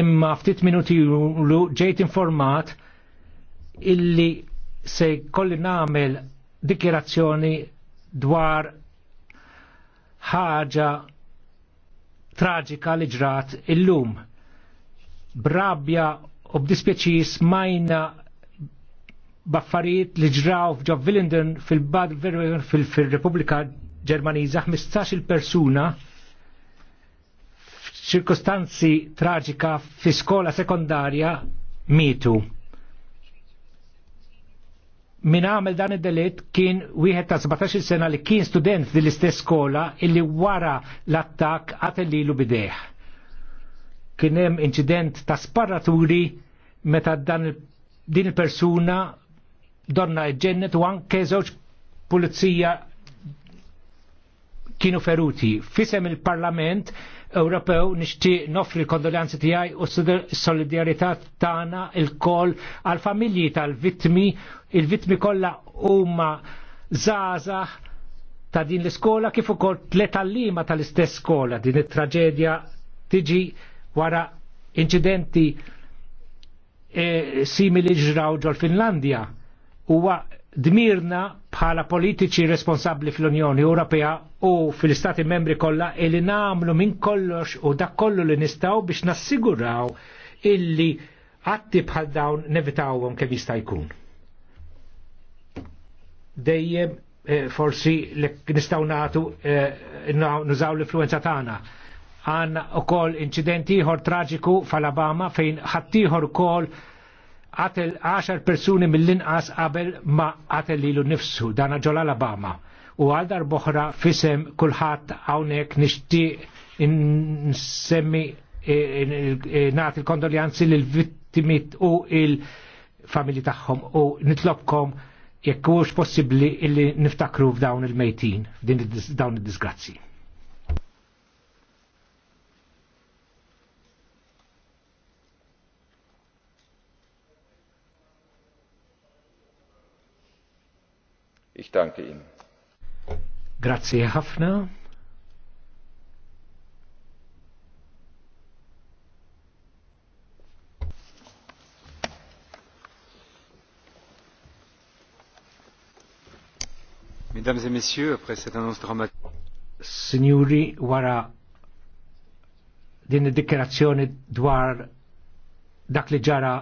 imma ftit minuti lu ġejt informat illi se kolli namel dikjerazzjoni dwar ħaġa traġika li ġrat illum. Brabja u b'dispjaċis majna baffariet li ġraw f'ġo Willenden fil-Bad fil-Repubblika Ġermaniza 15 il-persuna ċirkostanzi traġika fi skola sekondarja mitu. Min għamil dan id-delitt kien wieħed ta' 17 sena li kien student din l-istess skola illi wara l-attak għatellilu bideħ. Kien hemm inċident ta' sparraturi meta dan din il-persuna donna ġennet u anke żewġ pulizija kienu feruti. Fisem il-Parlament Ewropew nixtieq nofri l-kondoljanzi tiegħi u s-solidarjetà tagħna il għall-familji tal-vittmi, il-vittmi kollha huma żgħażagħ ta' din l-iskola kif ukoll tletallima tal-istess skola din it-traġedja tiġi wara incidenti e, eh, simili ġraw ġol Finlandja huwa dmirna bħala politiċi responsabli fl-Unjoni Ewropea u fil-Stati membri kollha illi namlu minn kollox u dak kollu li nistgħu biex nassiguraw illi għatti bħal dawn nevitawhom kemm jista' jkun. Dejjem eh, forsi li nistgħu nagħtu eh, nużaw l-influenza tagħna għanna u kol incidenti ħor traġiku fl abama fejn ħattijħor kol qatel 10 persuni mill-inqas qabel ma qatel lilu nifsu dana ġol Obama. u għal boħra fisem kulħadd hawnhekk nixtieq nsemmi e- e- e- naħt il kondoljanzi l vittimit u il-familji tagħhom u nitlobkom jekk possibli possibbli illi niftakru f'dawn il-mejtin f'din dawn id-disgrazzi. Ich danke Ihnen. Grazie ħafna. Mesdames et messieurs, après cette annonce dramatique. Signori, wara din id dikkerazzjoni dwar dak li ġara